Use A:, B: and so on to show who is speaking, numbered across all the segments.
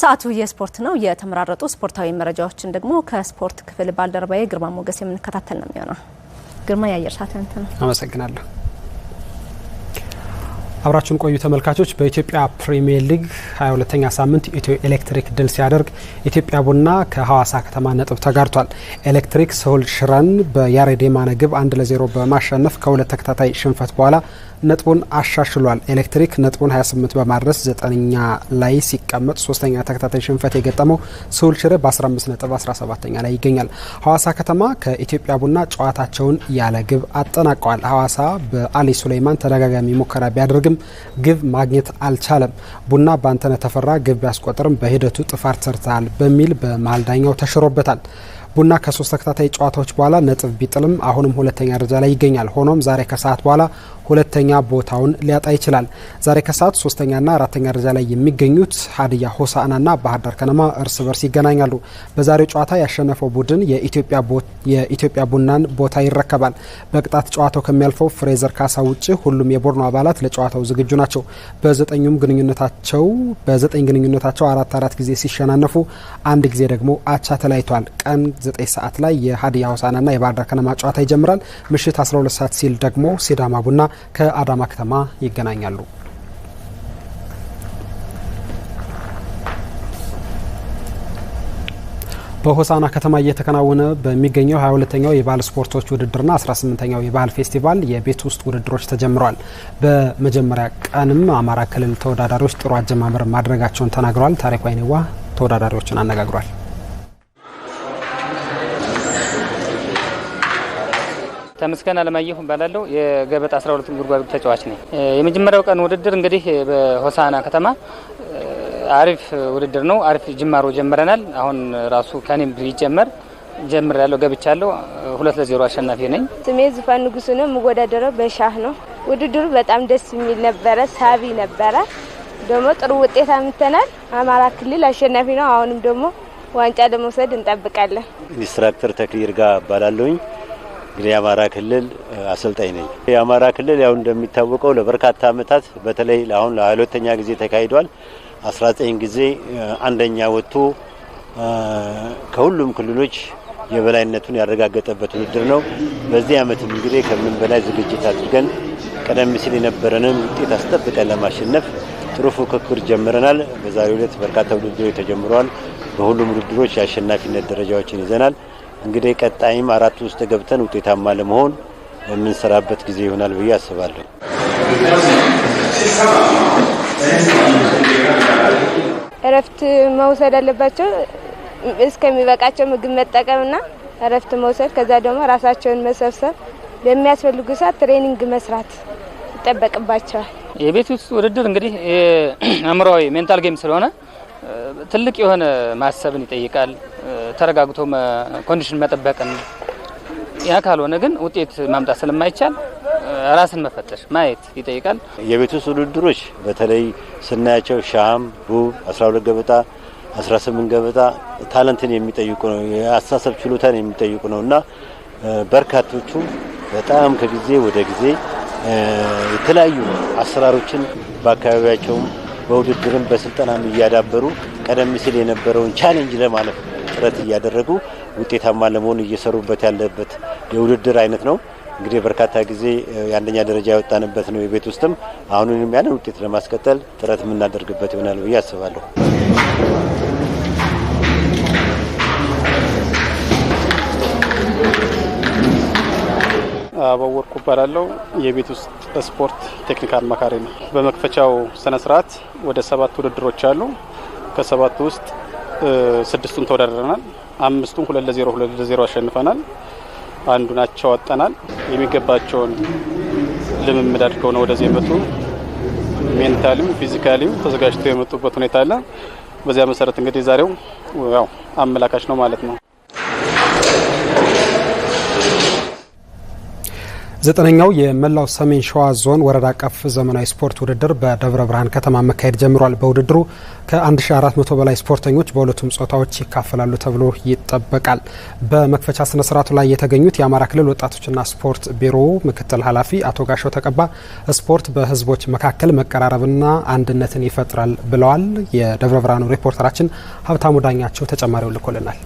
A: ሰዓቱ የስፖርት ነው። የተመራረጡ ስፖርታዊ መረጃዎችን ደግሞ ከስፖርት ክፍል ባልደረባዬ ግርማ ሞገስ የምንከታተል ነው የሚሆነው። ግርማ፣ የአየር ሰዓት ያንተ ነው።
B: አመሰግናለሁ። አብራችሁን ቆዩ ተመልካቾች። በኢትዮጵያ ፕሪሚየር ሊግ 22ኛ ሳምንት ኢትዮ ኤሌክትሪክ ድል ሲያደርግ ኢትዮጵያ ቡና ከሐዋሳ ከተማ ነጥብ ተጋርቷል። ኤሌክትሪክ ስሁል ሽረን በያሬድ የማነ ግብ አንድ ለዜሮ በማሸነፍ ከሁለት ተከታታይ ሽንፈት በኋላ ነጥቡን አሻሽሏል። ኤሌክትሪክ ነጥቡን 28 በማድረስ ዘጠነኛ ላይ ሲቀመጥ ሶስተኛ ተከታታይ ሽንፈት የገጠመው ስሁል ሽሬ በ15 ነጥብ 17ኛ ላይ ይገኛል። ሐዋሳ ከተማ ከኢትዮጵያ ቡና ጨዋታቸውን ያለ ግብ አጠናቀዋል። ሐዋሳ በአሊ ሱሌይማን ተደጋጋሚ ሙከራ ቢያደርግም ግብ ማግኘት አልቻለም። ቡና በአንተነህ ተፈራ ግብ ቢያስቆጥርም በሂደቱ ጥፋት ሰርተሃል በሚል በመሀል ዳኛው ተሽሮበታል። ቡና ከሶስት ተከታታይ ጨዋታዎች በኋላ ነጥብ ቢጥልም አሁንም ሁለተኛ ደረጃ ላይ ይገኛል። ሆኖም ዛሬ ከሰዓት በኋላ ሁለተኛ ቦታውን ሊያጣ ይችላል። ዛሬ ከሰዓት ሶስተኛና አራተኛ ደረጃ ላይ የሚገኙት ሀዲያ ሆሳዕናና ባህር ዳር ከነማ እርስ በርስ ይገናኛሉ። በዛሬው ጨዋታ ያሸነፈው ቡድን የኢትዮጵያ ቡናን ቦታ ይረከባል። በቅጣት ጨዋታው ከሚያልፈው ፍሬዘር ካሳ ውጭ ሁሉም የቦርኖ አባላት ለጨዋታው ዝግጁ ናቸው። በዘጠኙም ግንኙነታቸው በዘጠኝ ግንኙነታቸው አራት አራት ጊዜ ሲሸናነፉ አንድ ጊዜ ደግሞ አቻ ተለያይቷል። ቀን ዘጠኝ ሰዓት ላይ የሀዲያ ሆሳዕናና የባህርዳር ከነማ ጨዋታ ይጀምራል። ምሽት 12 ሰዓት ሲል ደግሞ ሲዳማ ቡና ከአዳማ ከተማ ይገናኛሉ። በሆሳና ከተማ እየተከናወነ በሚገኘው 22ኛው የባህል ስፖርቶች ውድድርና 18ኛው የባህል ፌስቲቫል የቤት ውስጥ ውድድሮች ተጀምረዋል። በመጀመሪያ ቀንም አማራ ክልል ተወዳዳሪዎች ጥሩ አጀማመር ማድረጋቸውን ተናግረዋል። ታሪኳ ይኔዋ ተወዳዳሪዎችን አነጋግሯል።
C: ተመስገን አለማየሁ እባላለሁ። የገበጥ 12 ጉድጓድ ተጫዋች ነኝ። የመጀመሪያው ቀን ውድድር እንግዲህ በሆሳና ከተማ አሪፍ ውድድር ነው። አሪፍ ጅማሮ ጀምረናል። አሁን ራሱ ከኔም ቢጀመር ጀምር ያለው ገብቻለሁ። ሁለት ለዜሮ አሸናፊ ነኝ።
D: ስሜ ዙፋን ንጉሱ ነው። የምወዳደረው በሻህ ነው። ውድድሩ በጣም ደስ የሚል ነበረ፣ ሳቢ ነበረ። ደግሞ ጥሩ ውጤት አምተናል። አማራ ክልል አሸናፊ ነው። አሁንም ደግሞ ዋንጫ ለመውሰድ እንጠብቃለን።
E: ኢንስትራክተር ተክሊር ጋር እባላለሁኝ። እንግዲህ የአማራ ክልል አሰልጣኝ ነኝ። የአማራ ክልል ያው እንደሚታወቀው ለበርካታ ዓመታት በተለይ አሁን ለሁለተኛ ጊዜ ተካሂዷል። 19 ጊዜ አንደኛ ወጥቶ ከሁሉም ክልሎች የበላይነቱን ያረጋገጠበት ውድድር ነው። በዚህ ዓመትም እንግዲህ ከምንም በላይ ዝግጅት አድርገን ቀደም ሲል የነበረንን ውጤት አስጠብቀን ለማሸነፍ ጥሩ ፉክክር ጀምረናል። በዛሬው ዕለት በርካታ ውድድሮች ተጀምረዋል። በሁሉም ውድድሮች የአሸናፊነት ደረጃዎችን ይዘናል። እንግዲህ ቀጣይም አራት ውስጥ ገብተን ውጤታማ ለመሆን የምንሰራበት ጊዜ ይሆናል ብዬ አስባለሁ።
D: እረፍት መውሰድ አለባቸው። እስከሚበቃቸው ምግብ መጠቀምና እረፍት መውሰድ፣ ከዛ ደግሞ ራሳቸውን መሰብሰብ፣ በሚያስፈልጉ ሰዓት ትሬኒንግ መስራት ይጠበቅባቸዋል።
C: የቤት ውስጥ ውድድር እንግዲህ አእምሮዊ ሜንታል ጌም ስለሆነ ትልቅ የሆነ ማሰብን ይጠይቃል። ተረጋግቶ ኮንዲሽን መጠበቅን። ያ ካልሆነ ግን ውጤት ማምጣት ስለማይቻል ራስን መፈተሽ ማየት ይጠይቃል።
E: የቤት ውስጥ ውድድሮች በተለይ ስናያቸው ሻም፣ ቡብ፣ 12 ገበጣ፣ 18 ገበጣ ታለንትን የሚጠይቁ ነው፣ የአስተሳሰብ ችሎታን የሚጠይቁ ነው እና በርካቶቹ በጣም ከጊዜ ወደ ጊዜ የተለያዩ አሰራሮችን በአካባቢያቸውም በውድድርም በስልጠናም እያዳበሩ ቀደም ሲል የነበረውን ቻሌንጅ ለማለፍ ጥረት እያደረጉ ውጤታማ ለመሆን እየሰሩበት ያለበት የውድድር አይነት ነው። እንግዲህ በርካታ ጊዜ የአንደኛ ደረጃ ያወጣንበት ነው የቤት ውስጥም። አሁንም ያንን ውጤት ለማስቀጠል ጥረት የምናደርግበት ይሆናል ብዬ አስባለሁ።
F: አበወርኩ እባላለሁ። የቤት ውስጥ ስፖርት ቴክኒክ አማካሪ ነው። በመክፈቻው ስነ ስርዓት ወደ ሰባት ውድድሮች አሉ። ከሰባቱ ውስጥ ስድስቱን ተወዳድረናል። አምስቱን ሁለት ለዜሮ ሁለት ለዜሮ አሸንፈናል። አንዱ ናቸው ወጥተናል። የሚገባቸውን ልምምድ አድርገው ነው ወደዚህ የመጡ ሜንታሊም ፊዚካሊም ተዘጋጅተው የመጡበት ሁኔታ አለ። በዚያ መሰረት እንግዲህ ዛሬው ያው አመላካች ነው ማለት ነው።
B: ዘጠነኛው የመላው ሰሜን ሸዋ ዞን ወረዳ አቀፍ ዘመናዊ ስፖርት ውድድር በደብረ ብርሃን ከተማ መካሄድ ጀምሯል። በውድድሩ ከ1400 በላይ ስፖርተኞች በሁለቱም ጾታዎች ይካፈላሉ ተብሎ ይጠበቃል። በመክፈቻ ስነ ስርዓቱ ላይ የተገኙት የአማራ ክልል ወጣቶችና ስፖርት ቢሮ ምክትል ኃላፊ አቶ ጋሻው ተቀባ ስፖርት በህዝቦች መካከል መቀራረብና አንድነትን ይፈጥራል ብለዋል። የደብረ ብርሃኑ ሪፖርተራችን ሀብታሙ ዳኛቸው ተጨማሪው ልኮልናል።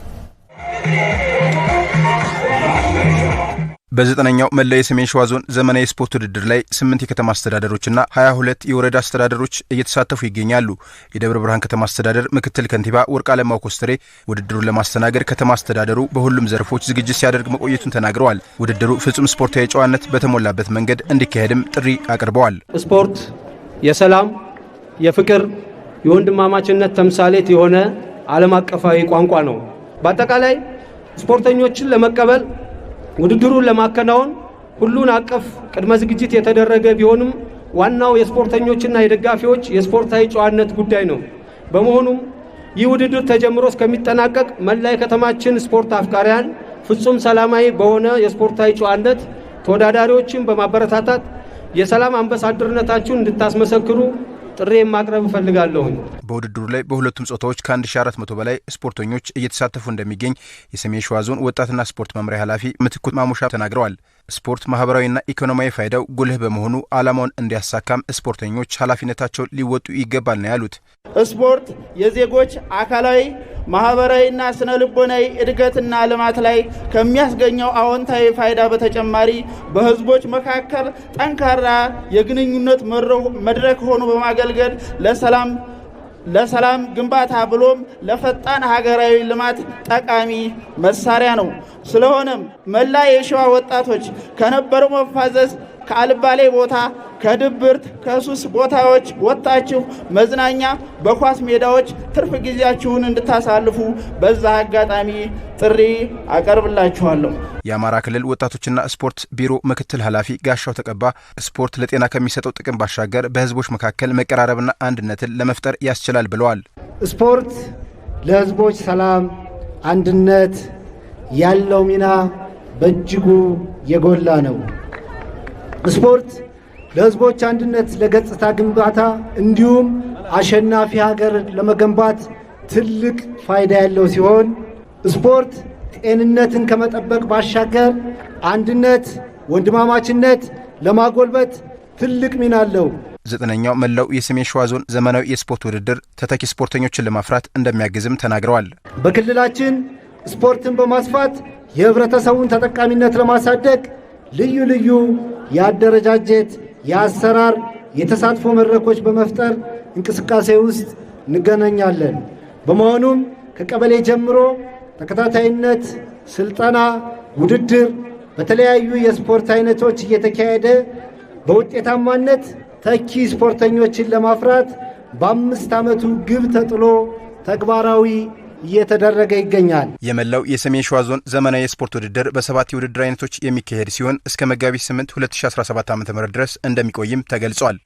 B: በዘጠነኛው መላ የሰሜን ሸዋ ዞን ዘመናዊ ስፖርት ውድድር ላይ ስምንት የከተማ አስተዳደሮችና ሀያ ሁለት የወረዳ አስተዳደሮች እየተሳተፉ ይገኛሉ። የደብረ ብርሃን ከተማ አስተዳደር ምክትል ከንቲባ ወርቅ አለማው ኮስትሬ ውድድሩን ለማስተናገድ ከተማ አስተዳደሩ በሁሉም ዘርፎች ዝግጅት ሲያደርግ መቆየቱን ተናግረዋል። ውድድሩ ፍጹም ስፖርታዊ ጨዋነት በተሞላበት መንገድ እንዲካሄድም ጥሪ አቅርበዋል።
G: ስፖርት የሰላም፣ የፍቅር፣ የወንድማማችነት ተምሳሌት የሆነ ዓለም አቀፋዊ ቋንቋ ነው። በአጠቃላይ ስፖርተኞችን ለመቀበል ውድድሩን ለማከናወን ሁሉን አቀፍ ቅድመ ዝግጅት የተደረገ ቢሆንም ዋናው የስፖርተኞችና የደጋፊዎች የስፖርታዊ ጨዋነት ጉዳይ ነው። በመሆኑም ይህ ውድድር ተጀምሮ እስከሚጠናቀቅ መላ የከተማችን ስፖርት አፍቃሪያን ፍጹም ሰላማዊ በሆነ የስፖርታዊ ጨዋነት ተወዳዳሪዎችን በማበረታታት የሰላም አምባሳደርነታችሁን እንድታስመሰክሩ ጥሬ ማቅረብ እፈልጋለሁኝ።
B: በውድድሩ ላይ በሁለቱም ጾታዎች ከ1400 በላይ ስፖርተኞች እየተሳተፉ እንደሚገኝ የሰሜን ሸዋ ዞን ወጣትና ስፖርት መምሪያ ኃላፊ ምትኩ ማሙሻ ተናግረዋል። ስፖርት ማህበራዊና ኢኮኖሚያዊ ፋይዳው ጉልህ በመሆኑ ዓላማውን እንዲያሳካም ስፖርተኞች ኃላፊነታቸውን ሊወጡ ይገባል ነው ያሉት።
G: ስፖርት የዜጎች አካላዊ ማህበራዊና ስነ ልቦናዊ እድገትና ልማት ላይ ከሚያስገኘው አዎንታዊ ፋይዳ በተጨማሪ በህዝቦች መካከል ጠንካራ የግንኙነት መድረክ ሆኖ በማገልገል ለሰላም ለሰላም ግንባታ ብሎም ለፈጣን ሀገራዊ ልማት ጠቃሚ መሳሪያ ነው። ስለሆነም መላ የሸዋ ወጣቶች ከነበረው መፋዘዝ፣ ከአልባሌ ቦታ፣ ከድብርት፣ ከሱስ ቦታዎች ወጥታችሁ መዝናኛ በኳስ ሜዳዎች ትርፍ ጊዜያችሁን እንድታሳልፉ በዛ አጋጣሚ ጥሪ አቀርብላችኋለሁ።
B: የአማራ ክልል ወጣቶችና ስፖርት ቢሮ ምክትል ኃላፊ ጋሻው ተቀባ ስፖርት ለጤና ከሚሰጠው ጥቅም ባሻገር በህዝቦች መካከል መቀራረብና አንድነትን ለመፍጠር ያስችላል ብለዋል።
G: ስፖርት ለህዝቦች ሰላም፣ አንድነት ያለው ሚና በእጅጉ የጎላ ነው። ስፖርት ለህዝቦች አንድነት፣ ለገጽታ ግንባታ እንዲሁም አሸናፊ ሀገር ለመገንባት ትልቅ ፋይዳ ያለው ሲሆን ስፖርት ጤንነትን ከመጠበቅ ባሻገር አንድነት፣ ወንድማማችነት ለማጎልበት ትልቅ ሚና አለው።
B: ዘጠነኛው መላው የሰሜን ሸዋ ዞን ዘመናዊ የስፖርት ውድድር ተተኪ ስፖርተኞችን ለማፍራት እንደሚያግዝም ተናግረዋል።
G: በክልላችን ስፖርትን በማስፋት የህብረተሰቡን ተጠቃሚነት ለማሳደግ ልዩ ልዩ የአደረጃጀት፣ የአሰራር፣ የተሳትፎ መድረኮች በመፍጠር እንቅስቃሴ ውስጥ እንገናኛለን። በመሆኑም ከቀበሌ ጀምሮ ተከታታይነት ስልጠና፣ ውድድር በተለያዩ የስፖርት አይነቶች እየተካሄደ በውጤታማነት ተኪ ስፖርተኞችን ለማፍራት በአምስት ዓመቱ ግብ ተጥሎ ተግባራዊ እየተደረገ ይገኛል።
B: የመላው የሰሜን ሸዋ ዞን ዘመናዊ የስፖርት ውድድር በሰባት የውድድር አይነቶች የሚካሄድ ሲሆን እስከ መጋቢት 8 2017 ዓ ም ድረስ እንደሚቆይም ተገልጿል።